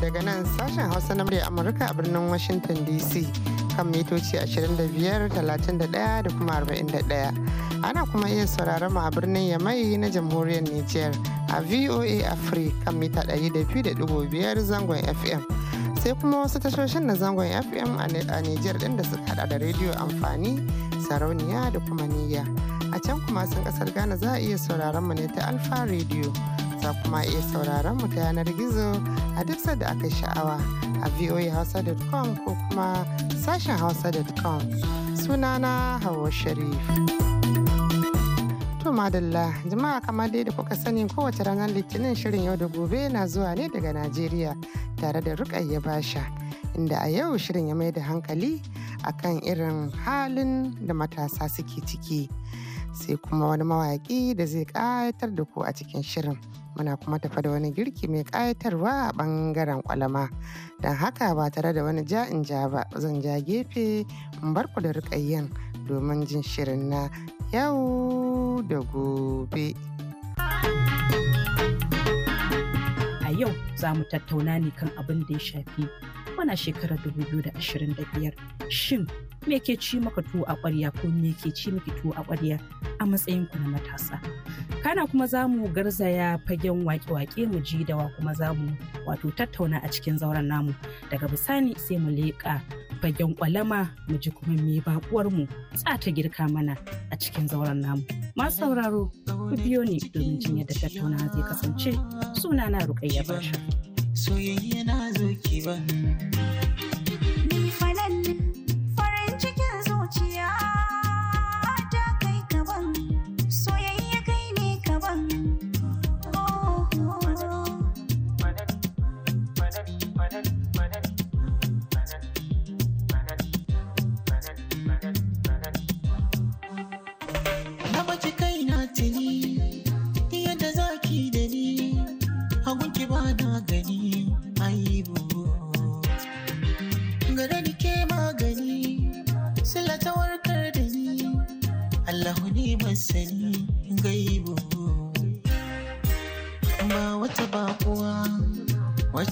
daga nan sashen hausa na murya amurka a birnin washington dc kan mitoci 25 31 da kuma 41 ana kuma iya sauraron mu a birnin yamai na jamhuriyar niger a voa africa kan mita 200.5 zangon fm sai kuma wasu tashoshin na zangon fm a niger din da suka hada da rediyo amfani sarauniya da kuma niyya a can kuma sun kasar ghana za a iya sauraron mu ne ta alfa rediyo za kuma iya sauraron mu ta yanar gizo a duk sanda aka sha'awa a voahausa.com ko kuma sashen hausa.com sunana hawa sharif to madalla jama'a kamar dai da kuka sani kowace ranar litinin shirin yau da gobe na zuwa ne daga najeriya tare da rukayya basha inda a yau shirin ya mai da hankali akan irin halin da matasa suke ciki sai kuma wani mawaƙi da zai ƙayatar da ku a cikin shirin. muna kuma tafa da wani girki mai ƙayatarwa a ɓangaren kwalama don haka ba tare da wani ja in ja ba zan ja gefe in bar ku da rikayyen domin jin shirin na yau da gobe. A yau za mu tattauna ne kan abin da ya shafi mana shekarar 2025 shin me ke ci maka tuwo a ƙwarya ko me ke ci miki tuwo a ƙwarya a matsayin ku na matasa. Kana kuma za mu garzaya fagen wake-wake mu ji dawa kuma za mu wato tattauna a cikin zauren namu. Daga bisani sai mu leƙa fagen kwalama mu ji kuma me bakuwar mu za ta girka mana a cikin zauren namu. Masu sauraro ku biyo ni domin jin yadda tattauna zai kasance sunana Rukayya Bashir. Soyayya na ba.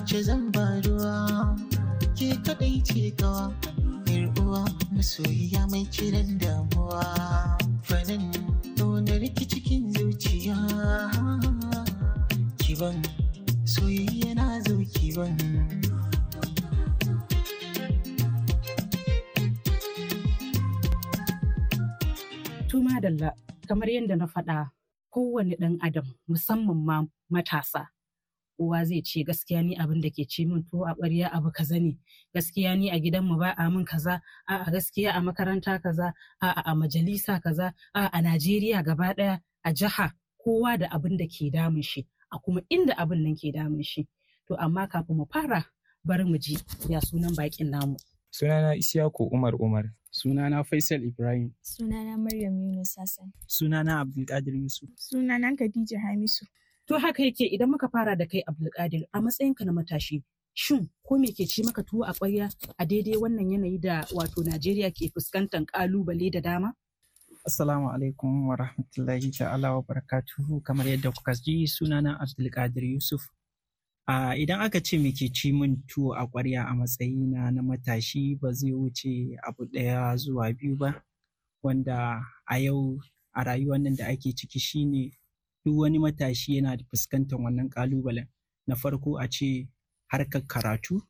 ce zan ba ruwa ke kadai ce gawa yar uwa soyayya mai kiran damuwa fanin nuna rikici cikin zuciya kiban soyayya na zo kiban Tuma Dalla, kamar yadda na faɗa kowane ɗan adam musamman ma matasa kowa zai ce gaskiya ni abin da ke ce min To a ƙwarya abu kaza ne gaskiya ni a gidanmu ba a min kaza a a gaskiya a makaranta kaza a a majalisa kaza a a Najeriya gaba ɗaya a jiha kowa da abin da ke damun shi a kuma inda abin nan ke damun shi to amma kafin mu fara bari mu ji ya sunan bakin namu sunana Isiyaku Umar Umar Sunana Faisal Ibrahim. Sunana Maryam Yunus Hassan. Sunana Abdulkadir Yusuf. Sunana Khadija Hamisu. To haka yake idan muka fara da kai Abdulkadir a matsayinka na matashi shin ko me ke ci maka tuwo a ƙwarya a daidai wannan yanayi da wato Najeriya ke fuskantar ƙalubale da dama? Assalamu alaikum wa rahmatullahi ta'ala wa barakatuhu kamar yadda kuka ji sunana Abdulkadir Yusuf. Uh, idan aka ce me ke ci min tuwo a ƙwarya a matsayina na matashi ba zai wuce abu ɗaya zuwa biyu ba wanda a yau a rayuwar nan da ake ciki shine duk wani matashi yana fuskantar wannan ƙalubalen na farko a ce harkar karatu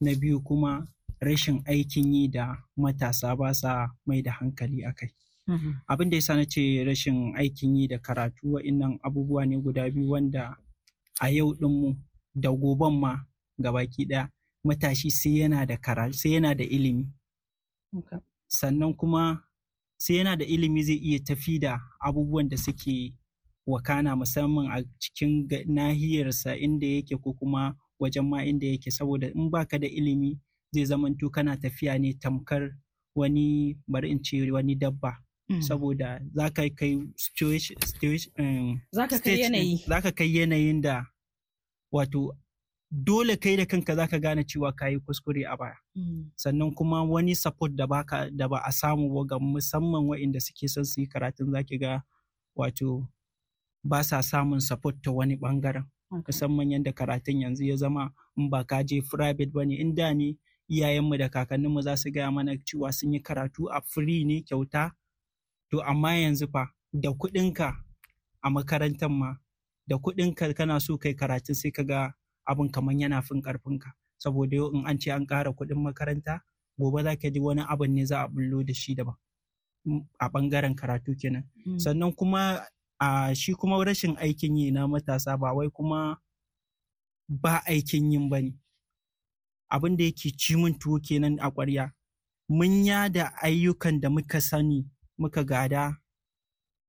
na biyu kuma rashin aikin yi da matasa ba sa mai da hankali a kai mm-hmm. abin da ya sa na ce rashin aikin yi da karatu wa'innan abubuwa ne guda biyu wanda a yau ɗinmu da goban ma gabaki ɗaya matashi sai yana da karatu sai yana da ilimi sannan kuma sai yana da ilimi zai iya tafi da abubuwan da suke wakana musamman a cikin nahiyarsa inda yake ko kuma wajen ma inda yake saboda in baka da ilimi zai zamanto kana tafiya ne tamkar wani bari in ce wani dabba mm. saboda za ka kai um, za kai yanayin da wato dole kai da kanka za ka gane cewa ka yi kuskure a baya mm. sannan kuma wani support da ba a samu ga musamman waɗanda suke son su yi karatun za ki ga wato ba sa samun support ta wani bangaren musamman yadda karatun yanzu ya zama in ba ka je private ba ne. in da ne iyayenmu da kakanninmu za su gaya mana cewa sun yi karatu a free ne kyauta to amma yanzu fa da kuɗinka a makarantar ma da kuɗinka kana so kai karatu sai ka ga abin kamar yana fin ƙarfinka saboda yau in an ce an ƙara kuɗin makaranta gobe za ka ji wani abin ne za a bullo da shi daban mm, a bangaren karatu kenan mm. sannan kuma a ah, shi kuma rashin aikin yi na matasa ba wai kuma ba aikin yin ba ne abin da yake ci min tuwo kenan a ƙwarya mun yada ayyukan da muka sani muka gada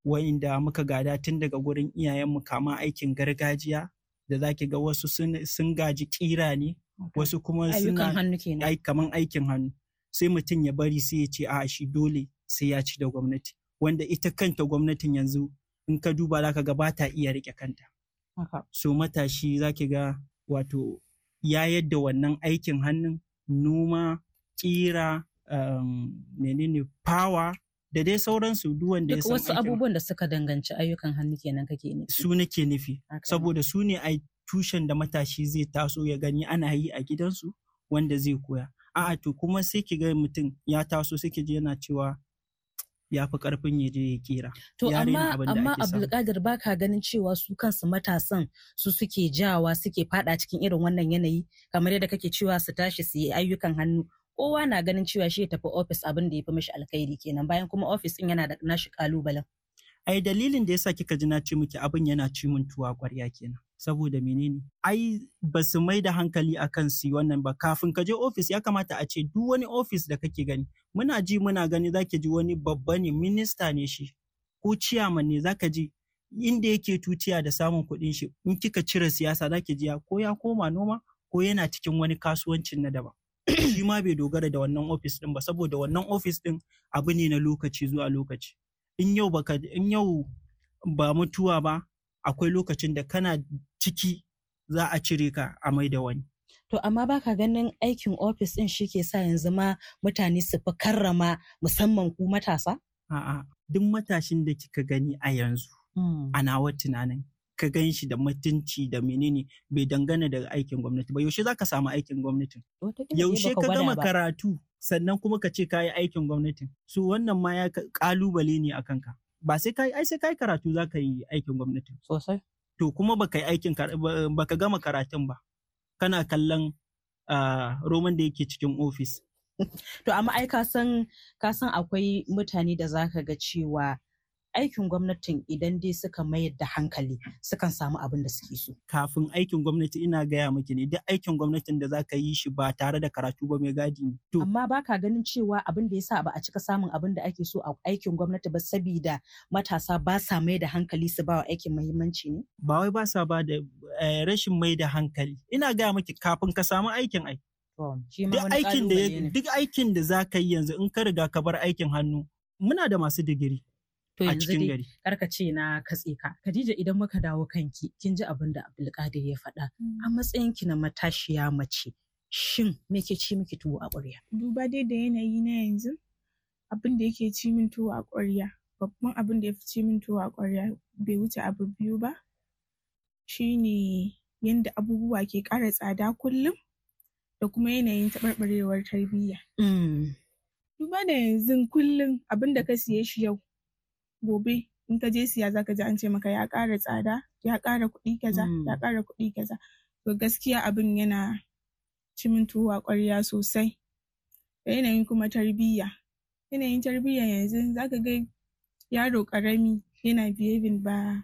wa'inda muka gada tun daga gurin iyayenmu kama aikin gargajiya da zaki ga wasu sun gaji kira ne wasu kuma suna kaman aikin hannu sai mutum ya bari sai ya ce a shi dole sai ya ci da gwamnati wanda ita kanta gwamnatin yanzu in ka duba za ka ga ba ta iya riƙe kanta. So matashi za ki ga wato ya yadda wannan aikin hannun noma, ƙira, um, menene fawa da dai sauransu duwan da ya san wasu abubuwan da suka danganci ayyukan hannu kenan kake nufi. Su nake nufi. Saboda su ne a tushen da matashi zai taso ya gani ana yi a gidansu wanda zai koya. A'a to kuma sai ki ga mutum ya taso sai ki ji yana cewa ya fi karfin ya je ya kera. To amma amma Abdulkadir baka ganin cewa su kansu matasan su suke jawa suke fada cikin irin wannan yanayi kamar yadda kake cewa su tashi su yi ayyukan hannu kowa na ganin cewa shi ya tafi ofis abin da ya fi mashi alkhairi kenan bayan kuma ofis din yana da nashi kalubalen. Ai dalilin da yasa kika ji na ce miki abin yana ci mun tuwa kwarya kenan. saboda menene ai ba su mai da hankali akan su wannan ba kafin ka je ofis ya kamata a ce duk wani ofis da kake gani muna ji muna gani zaki ji wani babba ne minista ne shi ko ciyaman ne zaka ji inda yake tuciya da samun kuɗin shi in kika cire siyasa zaki ji ya ko ya koma noma ko yana cikin wani kasuwancin na daban shi ma bai dogara da wannan ofis din ba saboda wannan ofis din abu ne na lokaci zuwa lokaci in yau ba mutuwa ba akwai lokacin da kana ciki za a cire ka a mai da wani. To amma baka ganin aikin ofis ɗin shi ke sa yanzu ma mutane su fi karrama musamman ku matasa? A'a, duk matashin da kika gani a yanzu, hmm. a nawa tunanin ka gan shi da mutunci da menene bai dangana daga aikin gwamnati ba yaushe za ka samu aikin gwamnatin yaushe ka gama karatu sannan kuma ka ce ka yi aikin gwamnatin so wannan ma ya kalubale ne a kanka ba sai kai ai sai kai karatu za ka yi aikin gwamnati sosai to kuma baka yi aikin baka gama karatun ba kana kallon roman da yake cikin ofis to amma ai ka san akwai mutane da zaka ga cewa aikin gwamnatin idan dai suka mayar da hankali sukan samu abin da suke so. Kafin aikin gwamnati ina gaya miki ne duk aikin gwamnatin da za ka yi shi ba tare da karatu ba mai gadi ne. Amma ba ka ganin cewa abin da ya sa ba a cika samun abin da ake so a aikin gwamnati ba sabida matasa ba sa mai da hankali su ba wa aikin muhimmanci ne? Ba wai ba sa ba da eh, rashin mai da hankali. Ina gaya miki kafin ka samu aikin ai. Duk aikin da za ka yi yanzu in ka riga ka bar aikin hannu muna da masu digiri. To yanzu dai karka ce na katse ka. Khadija idan muka dawo kanki kin ji abin da Abdulkadir ya faɗa. A mm. matsayin ki na matashiya mace shin me ke ci miki tuwo a ƙwarya? Duba dai da yanayi na yanzu abin da yake ci min tuwo a ƙwarya babban abin da ya fi ci min tuwo a ƙwarya bai wuce abu biyu ba shine yanda abubuwa ke ƙara tsada kullum da kuma yanayin taɓarɓarewar tarbiyya. Mm. Duba da yanzu kullum abin da ka siye shi yau gobe in ka je siya zaka ji an ce maka ya ƙara tsada ya ƙara kuɗi kaza ya mm. ƙara kuɗi kaza to gaskiya abin yana cimin tuwa ƙwarya sosai da yanayin kuma tarbiyya yanayin tarbiyya yanzu zaka ga yaro ƙarami yana behaving ba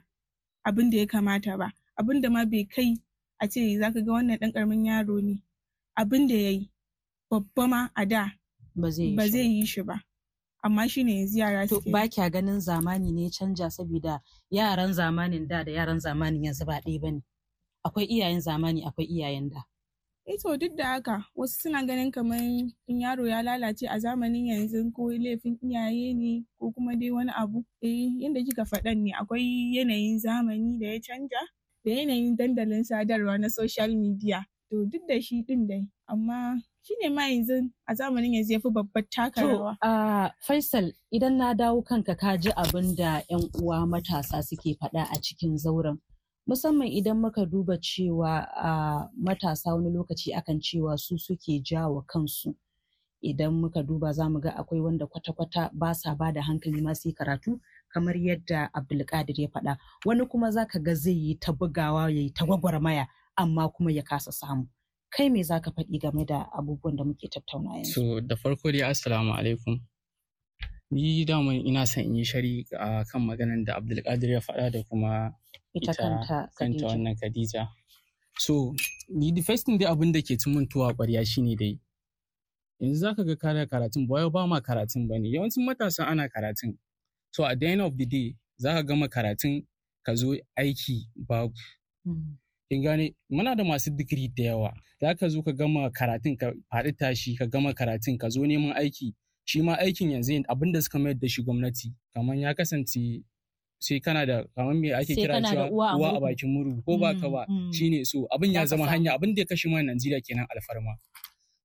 abin da ya kamata ba abin da ma bai kai a ce zaka ga wannan ɗan ƙaramin yaro ne abin da ya yi babba ma a da ba zai yi shi ba amma shi ne yanzu yara suke ba kya ganin zamani ne canja saboda yaran zamanin da da yaran zamanin yanzu ba ɗaya ba ne, akwai iyayen zamani akwai iyayen da Ito eh to duk da haka wasu suna ganin kamar in yaro ya lalace a zamanin yanzu ko laifin iyaye ne ko kuma dai wani abu eh yanda kika faɗan ne akwai yanayin zamani da ya canja da yanayin dandalin sadarwa na social media to duk da shi din dai amma shine ma yanzu a zamanin yanzu ya fi babbar taka To, Faisal idan na dawo kanka ka ji abin da 'yan uwa matasa suke faɗa a cikin zauren. Musamman idan muka duba cewa uh, matasa wani lokaci akan cewa su suke jawo kansu. Idan muka duba za mu ga akwai wanda kwata-kwata ba sa ba da hankali ma sai karatu kamar yadda Abdulkadir ya faɗa. Wani kuma za ka ga zai yi ta bugawa ya yi ta gwagwarmaya amma kuma ya kasa samu. kai me zaka faɗi game da abubuwan da muke tattauna yanzu so da farko dai assalamu alaikum ni daman ina son in yi shari a kan maganar da abdulkadir ya faɗa da kuma ita kanta wannan khadija so ni the first thing dai abin da ke cin ƙwarya shine dai yanzu zaka ga kare karatun ba ba ma karatun ba ne yawancin matasa ana karatun so a the end of the day zaka gama karatun ka zo aiki babu mm. kin gane muna da masu digiri da yawa za ka zo ka gama karatun ka faɗi tashi ka gama karatun ka zo neman aiki shi ma aikin yanzu abin da suka mayar da shi gwamnati kamar ya kasance sai kana da kamar me ake kira cewa uwa a bakin muru ko ba ka ba mm, mm. shine so abin ya zama hanya abin da ya kashe mana Najeriya kenan alfarma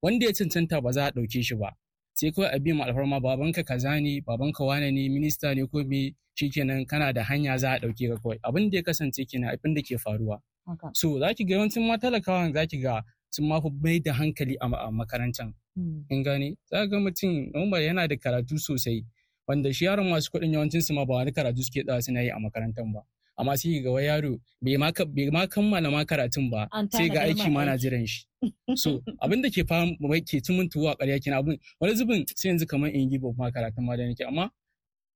wanda ya cancanta ba za a ɗauke shi ba sai kawai a biyan alfarma babanka kaza ne babanka wane ne minista ne ko me shikenan kana da hanya za a ɗauke ka kawai abin da ya kasance kenan abin da ke faruwa So za ki ga yawancin ma talakawan za ki ga sun ma fi bai da hankali a makarantar. Hmm. In gane, za ga mutum Umar yana da karatu sosai wanda shi yaron masu kuɗin yawancin su ma ba wani karatu suke tsawa suna yi a makarantar ba. Amma sai ga wai yaro bai ma kammala ma karatun ba sai ga aiki ma na jiran shi. So abinda ke ke fama ke tumuntuwa tuwo a ƙarya kina abin wani zubin sai yanzu kamar in yi ma karatun ma da nake amma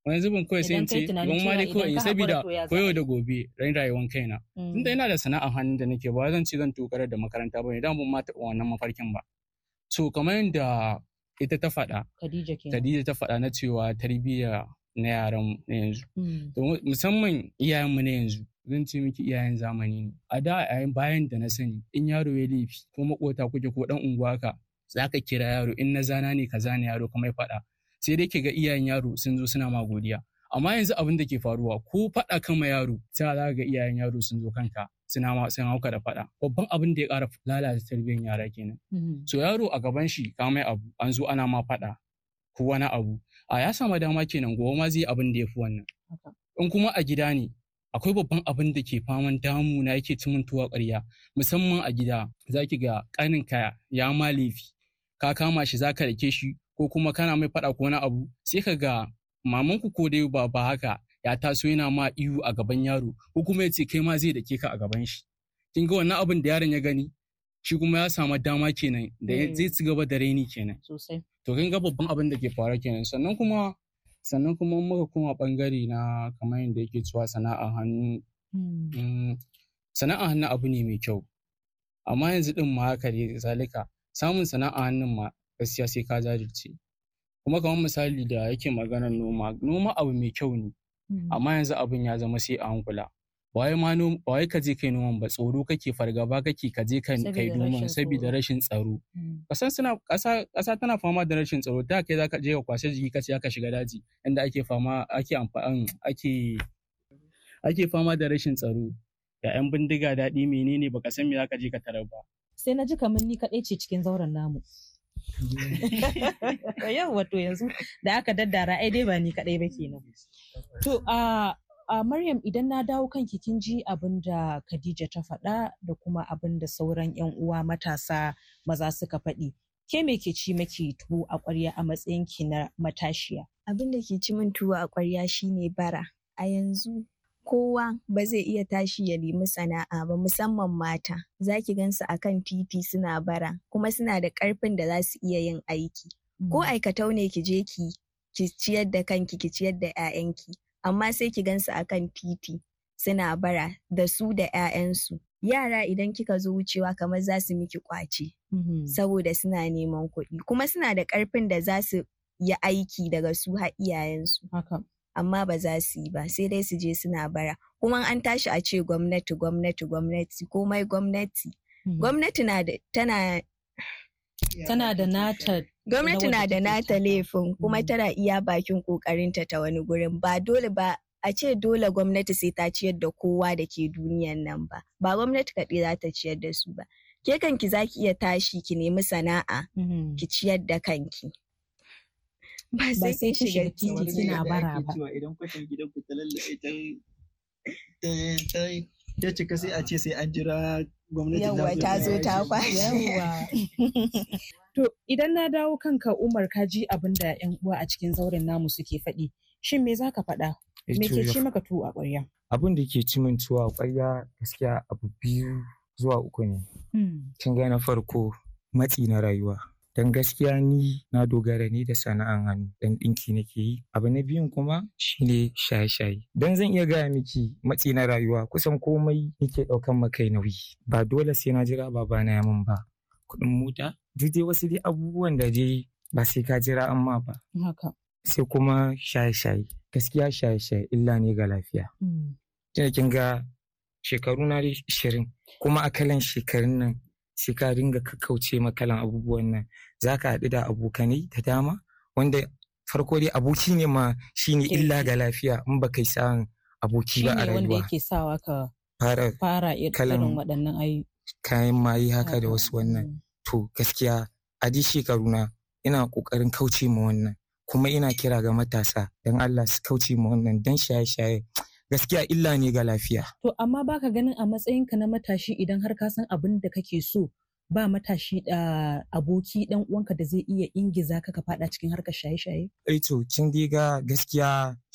wani zubin kawai sai in ce ban ma dai kawai saboda koyo da gobe ran rayuwar kaina mm. tunda ina da sana'a hannun da nake ba zan ce zan tokarar da makaranta ba ne dan ban mata wannan mafarkin ba so kamar yadda ita ta faɗa Khadija ta faɗa na cewa tarbiyya na yaran na yanzu mm. musamman iyayenmu na yanzu zan ce miki iyayen zamani ne a da yayin bayan da na sani in yaro ya laifi ko makota kuke ko dan unguwa ka zaka kira yaro in na zana ne ka zana yaro kamar faɗa sai dai ga iyayen yaro sun zo suna ma godiya amma yanzu abin da ke faruwa ko faɗa kan ma yaro sai za ga iyayen yaro sun zo kanka suna ma sun hauka da faɗa babban abin da ya ƙara lalata tarbiyyar yara kenan mm-hmm. so yaro a gaban shi ka mai abu an zo ana ma faɗa ko wani abu a ya sama dama kenan gobe ma zai abin da ya fi wannan in kuma a gida ne akwai babban abin da ke faman damu na yake tumuntuwa ƙarya musamman a gida zaki ga ga kaya. ya ma laifi ka kama shi zaka ka rike shi ko kuma kana mai faɗa ko wani abu sai ka ga mamanku ko dai ba ba haka ya taso yana ma iyu a gaban yaro ko kuma ya ce kai ma zai dake ka a gaban shi kin ga wannan abin da yaron ya gani shi kuma ya samu dama kenan da eh. zai ci gaba da raini kenan sosai to kin ga babban abin da ke faruwa kenan sannan kuma sannan kuma muka koma bangare na kamar yadda yake cewa sana'a hannu hmm. mm, sana'a hannu abu ne mai kyau amma yanzu din ma haka dai zalika samun sana'a hannun ma gaskiya sai ka jajirce kuma kamar misali da yake maganar noma noma abu mai kyau ne hmm. amma yanzu abin ya zama sai a hankula waye ka je kai noman ba tsoro kake fargaba kake ka je kai noman saboda rashin tsaro hmm. kasan kasa tana fama da rashin tsaro da kai zaka je ka kwashe jiki kace ka shiga daji inda ake fama um, ake ake fama da rashin tsaro da yan bindiga daɗi menene baka san me zaka je ka tarar ba sai na ji kamar ni kaɗai ce cikin zauren namu Yau wato yanzu da aka daddara ai dai ba ni kadai ba kenan. To a Uh, Maryam idan na dawo kanki kin ji abin da Khadija ta faɗa da kuma abin da sauran 'yan uwa matasa maza suka faɗi. Ke me ke ci maki tuwo a ƙwarya a matsayin ki na matashiya? Abin da ke ci min tuwo a ƙwarya shine bara. A yanzu kowa ba zai iya tashi ya nemi sana'a ba musamman mata za ki gansu a kan titi suna bara kuma suna da ƙarfin da za su iya yin aiki ko mm. aikatau ne ki je ki ki ciyar da kanki ki ciyar da 'ya'yanki amma sai ki gansu a kan titi suna bara da su da 'ya'yansu yara idan kika zo wucewa kamar za su miki kwace mm-hmm. saboda suna neman kuɗi kuma suna da ƙarfin da za su yi aiki daga su har iyayensu amma ba za su yi ba sai dai su je suna bara kuma an tashi a ce gwamnati gwamnati gwamnati komai gwamnati hmm. gwamnati na da tana tana da nata gwamnati na da nata laifin kuma hmm. tana iya bakin kokarinta ta wani gurin ba dole ba a ce dole gwamnati sai ta ciyar da kowa da ke duniyan nan ba ba gwamnati kaɗai za ta ciyar da su ba ke kanki za ki iya tashi ki nemi sana'a hmm. ki ciyar da kanki ba sai kin shiga titi kina bara ba idan kwatan gidan ku ta lallabe ta ta cika sai a ce sai an jira gwamnati yawwa ta zo ta kwashe to idan na dawo kanka Umar ka ji abin da yan uwa a cikin zauren namu suke faɗi shin me zaka faɗa eh me ke ci maka tuwo a ƙwarya abin da ke ci min tuwo a ƙwarya gaskiya abu biyu zuwa uku ne hmm. kin ga na farko matsi na rayuwa Don gaskiya ni na dogara ne da sana'an hannu dan dinki nake yi. Abu na biyun kuma shine shaye-shaye. Dan zan iya gaya miki matsi na rayuwa kusan komai nake ɗaukan makai nauyi. Ba dole sai na jira babana na yamin ba. Kuɗin mota, duk dai wasu dai abubuwan da je ba sai ka jira amma ba. Haka. Sai kuma shaye-shaye. Gaskiya shaye-shaye illa ne ga lafiya. Hmm. kin ga shekaru na 20 kuma akalan shekarun nan sai ka ringa kakkauce makalan abubuwan nan za ka haɗu da abokanai da dama wanda farko dai aboki ne ma shine illa ga lafiya in ba kai sa'an aboki ba a rayuwa. wanda yake sawa ka fara fara irin waɗannan ayi. Kayan mayi haka da wasu wannan. Mm. To gaskiya a shekaru na, ina ƙoƙarin kauce ma wannan kuma ina kira ga matasa don Allah su kauce ma wannan dan shaye-shaye gaskiya illa ne ga lafiya. To amma baka ganin a matsayinka na matashi idan har ka san abin da kake so ba matashi da aboki dan uwanka da zai iya ingiza ka ka fada cikin harkar shaye-shaye? Eh to kin diga gaskiya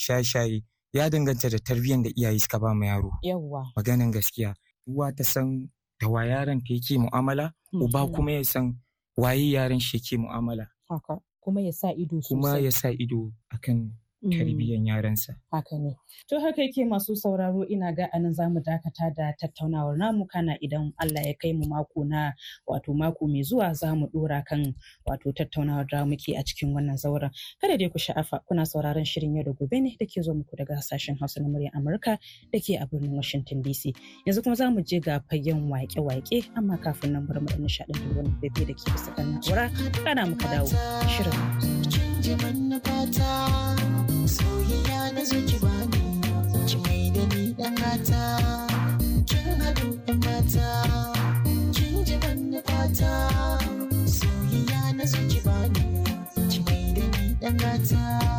shaye-shaye ya danganta da tarbiyyar da iyaye suka ba ma yaro. Yawwa. Maganin gaskiya. Uwa ta san da wa yaron ta yake mu'amala, mm, uba kuma ya san waye yaron shi ke mu'amala. Haka. Kuma ya sa ido sosai. Kuma ya sa ido akan karibiyan mm. yarensa. Haka ne. To haka yake masu sauraro ina ga anan za mu dakata da tattaunawar namu kana idan Allah ya kai mu mako na wato mako mai zuwa za mu dora kan wato tattaunawar da muke a cikin wannan zauren. Kada dai ku sha'afa kuna sauraron shirin yau da gobe ne da ke zo muku daga sashen Hausa na muryar Amurka da ke a birnin Washington DC. Yanzu kuma za mu je ga fagen waƙe-waƙe, amma kafin nan bari mu dan da wani bebe da ke bisa kan na'ura kana muka dawo shirin. na zo ki bani ki mai da ni dan gata kin hadu dan mata kin ji banna fata soyayya na zo ki bani ki mai da ni dan gata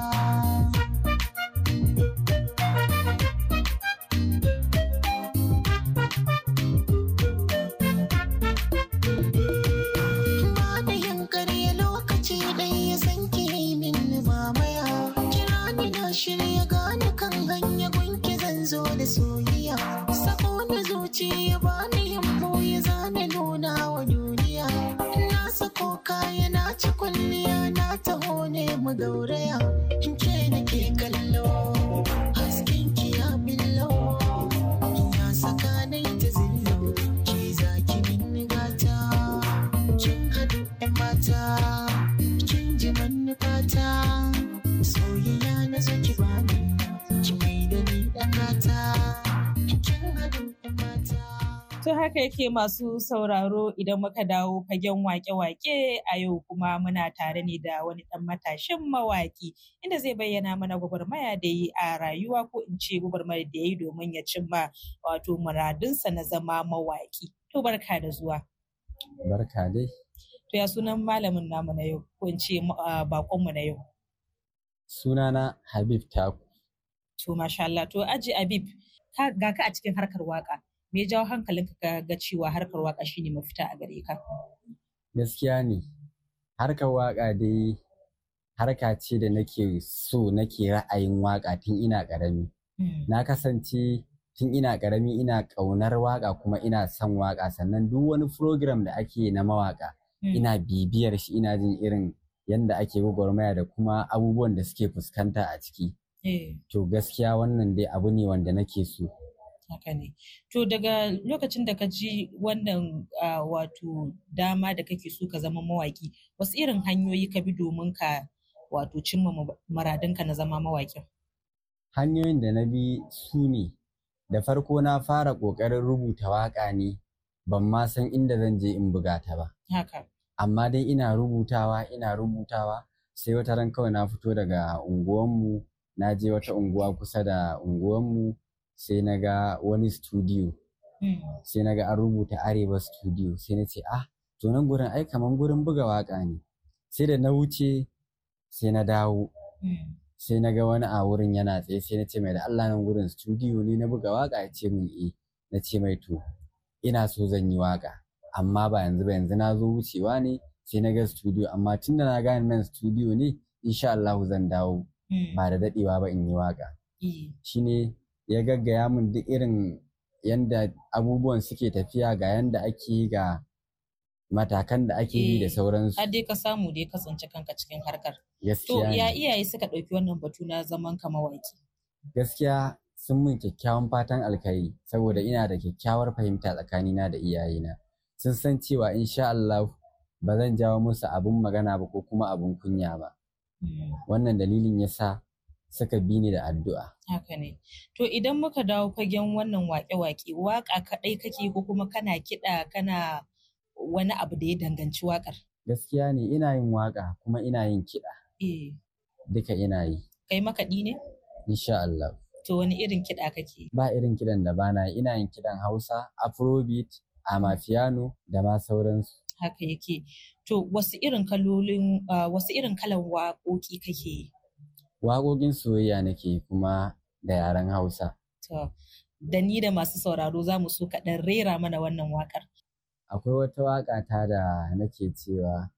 haka ke masu sauraro idan muka dawo fagen wake-wake a yau kuma muna tare ne da wani dan matashin mawaki inda zai bayyana mana gwagwarmaya da yi a rayuwa ko in ce gwagwarmaya da yi domin ya cimma wato muradinsa na zama mawaki. To barka da zuwa. Barka dai. To ya sunan malamin namu na yau ko in ce bakonmu na yau. Sunana Habib Taku. To masha Allah to aji Habib ga ka a cikin harkar waka. me jawo hankalinka ka ga cewa harkar waka shine mafita a gare ka gaskiya ne harkar waka dai harka ce da nake so nake ra'ayin waka tun ina ƙarami hmm. na kasance tun ina karami ina ƙaunar waka kuma ina son waka sannan duk wani program da ake na mawaka hmm. ina bibiyar shi ina jin irin yanda ake gwagwarmaya da kuma abubuwan da suke fuskanta a ciki eh. to gaskiya wannan dai abu ne wanda nake so Haka ne. To daga lokacin da ka ji wannan wato dama da kake so ka zama mawaki wasu irin hanyoyi ka bi domin ka wato cimma maradinka na zama mawaki Hanyoyin da na bi su ne, da farko na fara ƙoƙarin rubuta waka ne ban ma san inda zan je in buga ta ba. Haka. Amma dai ina rubutawa ina rubutawa sai wata ran kawai na fito daga unguwanmu na je wata unguwa kusa da unguwanmu sai na ga wani studio hmm. sai na ga an rubuta arewa studio sai na ce ah to nan gurin ai kaman gurin buga waka ne sai da na wuce sai na dawo hmm. sai na ga wani a wurin yana tsaye sai na ce mai da Allah nan gurin studio ne na buga waka ya ce min eh na ce mai to ina so zan yi waka amma ba yanzu ba yanzu na zo wucewa ne sai na ga studio amma tun da na gane nan studio ne insha Allah zan dawo hmm. ba da dadewa ba in yi waka eh. shine ya gaggaya mun duk irin yanda abubuwan suke tafiya ga yanda ake ga matakan da ake yi da eh, sauransu. Har dai ka samu dai kasance kanka cikin harkar. To ya iyaye suka ɗauki wannan batu na zaman ka mawaki. Gaskiya sun min kyakkyawan fatan alkhairi saboda ina da kyakkyawar fahimta tsakanina da iyayena. Sun san cewa insha Allah ba zan jawo musu abun magana ba ko kuma abun kunya ba. Hmm. Wannan dalilin ya sa. suka bi ni da addu'a. Haka ne. To idan muka dawo fagen wannan waƙe-waƙe, waƙa kaɗai kake ko kuma kana kiɗa kana wani abu da ya danganci waƙar? Gaskiya ne ina yin waƙa kuma ina yin kiɗa. Eh. Duka ina yi. Kai makaɗi ne? Insha Allah. To wani irin kiɗa kake? Ba irin kiɗan da bana ina yin kiɗan Hausa, Afrobeat, Amafiano da ma sauransu. Haka yake. To wasu irin kalolin, ah, wasu irin kalan waƙoƙi kake yi? waƙoƙin soyayya nake kuma da yaren Hausa. da ni da masu sauraro za mu so kaɗan rera mana wannan waƙar. Akwai wata waƙa ta da nake cewa,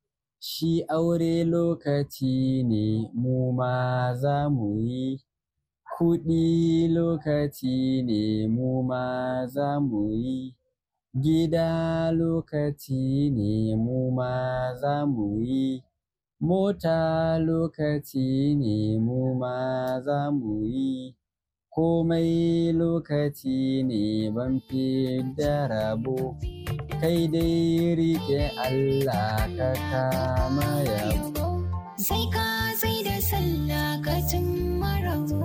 Shi aure lokaci ne mu ma za mu yi, kuɗi lokaci ne mu ma za mu yi, gida lokaci ne mu ma za mu yi. mota lokaci ne mu ma za mu yi komai lokaci ne ban da rabo kai dai rike Allah ka kama ya sai ka sai da sallah ka cin marabu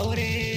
aure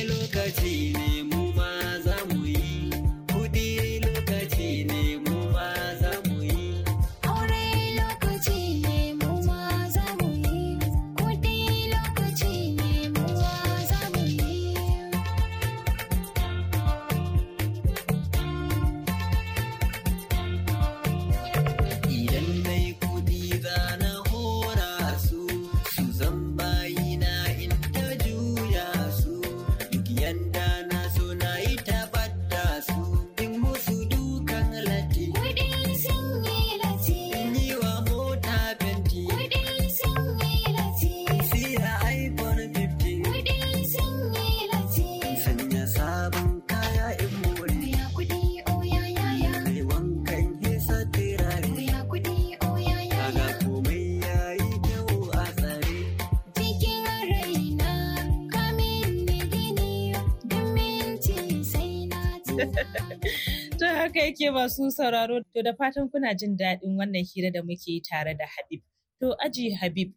To haka yake masu sauraro to da fatan kuna jin daɗin wannan hira da muke tare da Habib. To aji Habib,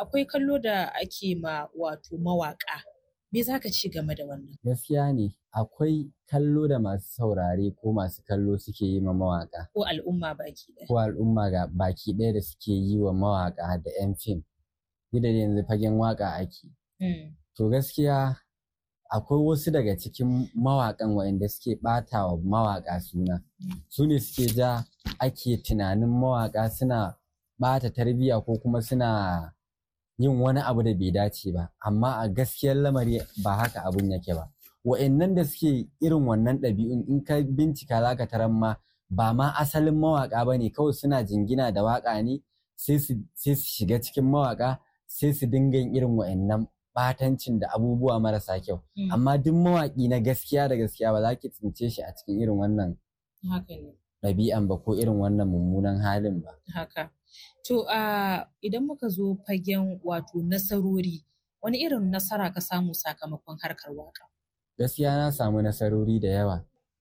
akwai kallo da ake ma wato mawaƙa. Me za ka ci game da wannan? Gaskiya ne, akwai kallo da masu saurare ko masu kallo suke yi ma mawaƙa. Ko al'umma baki ɗaya. Ko al'umma ga baki ɗaya da suke yi wa mawaƙa da 'yan fim. Gida yanzu fagen waƙa ake. Hmm. To gaskiya akwai wasu daga cikin mawakan waɗanda suke ɓata wa mawaƙa suna su ne suke ja ake tunanin mawaƙa suna ɓata tarbiyya ko kuma suna yin wani abu da bai dace ba amma a gaskiyar lamari ba haka abun yake ba wa'annan da suke irin wannan ɗabi'un in ka bincika za ka taran ma ba ma asalin mawaka ba ne kawai suna jingina da waƙa ne sai su shiga cikin mawaƙa sai su dinga irin wa'annan batancin da abubuwa marasa kyau hmm. amma duk mawaƙi na gaskiya da gaskiya ba za ki tsince shi a cikin irin wannan ɗabi'an ba ko irin wannan mummunan halin ba haka to idan muka zo fagen wato nasarori wani irin nasara ka samu sakamakon harkar waka gaskiya na samu nasarori da yawa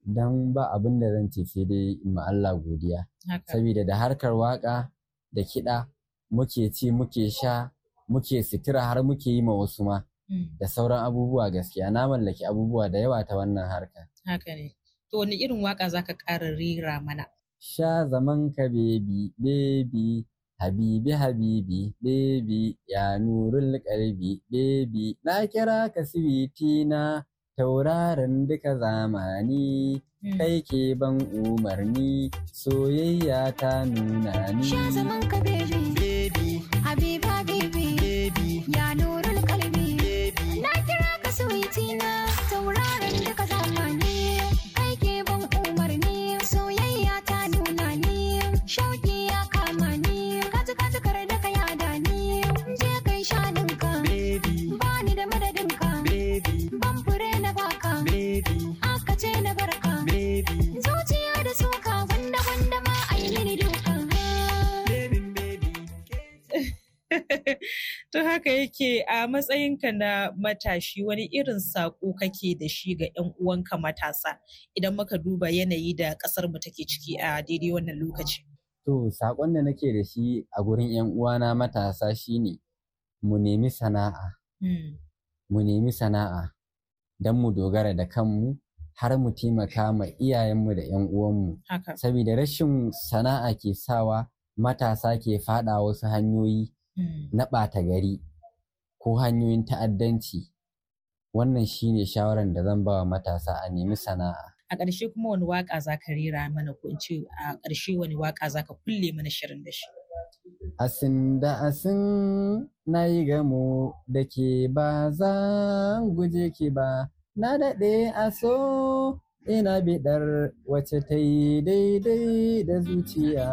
don ba abin da zan ce sai dai ma Allah godiya saboda da harkar waka da kiɗa muke ci muke sha muke sitira har muke yi ma wasu ma hmm. da sauran abubuwa gaskiya na mallaki abubuwa da yawa ta wannan harka haka ne to wani irin waka ka ƙara rira mana sha zaman ka bebi bebi habibi habibi bebi ya nurul kalbi bebi na kira ka siwiti na Taurarin duka zamani hmm. kai ke ban umarni soyayya ta nuna ni sha zaman ka bebi ke a matsayinka na matashi wani irin saƙo kake da shi ga 'yan uwanka matasa idan muka duba yanayi da ƙasar mu take ciki a daidai wannan lokaci? To, saƙon da nake da shi a gurin 'yan uwana matasa shine mu nemi sana'a. Hmm. Mu nemi sana'a don mu dogara da kanmu har mu taimaka ma iyayenmu da 'yan uwanmu. Saboda rashin sana'a ke sawa matasa ke faɗa wasu hanyoyi hmm. na ɓata gari ko hanyoyin ta'addanci wannan shi ne shawaran da zan bawa matasa a nemi sana'a a ƙarshe kuma wani waƙa za ka rera mana ko in ce a ƙarshe wani waƙa za ka kulle mana shirin da shi asin da asin na yi gamo da ke ba za guje ke ba na daɗe aso ina biɗar wacce ta yi daidai da zuciya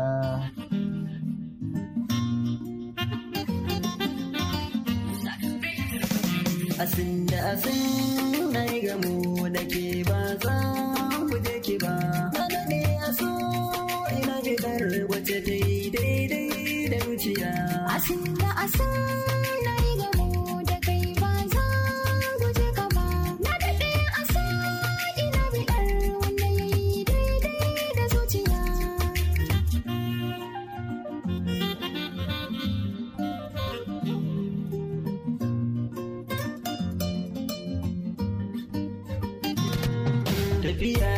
asin da asin na gamu da ke ba za ku je ki ba ana ne a so ina fitar wace daidai da zuciya asin da asin via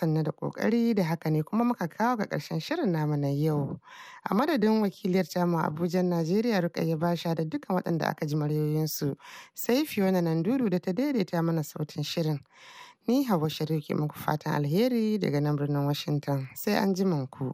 sannu da kokari da haka ne kuma muka kawo ga karshen shirin namu na yau a madadin wakiliyar jama abuja najeriya rukayya basha da dukkan waɗanda aka ji maryoyinsu sai fiona nan dudu da ta daidaita mana sautin shirin ni hawa sharif ke muku fatan alheri daga nan birnin washington sai an ji ku.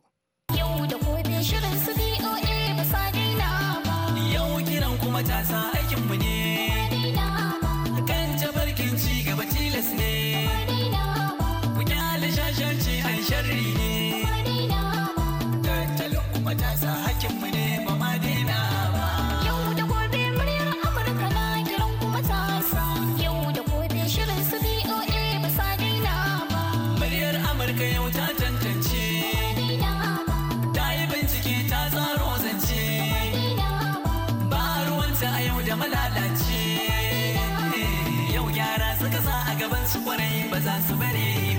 So many.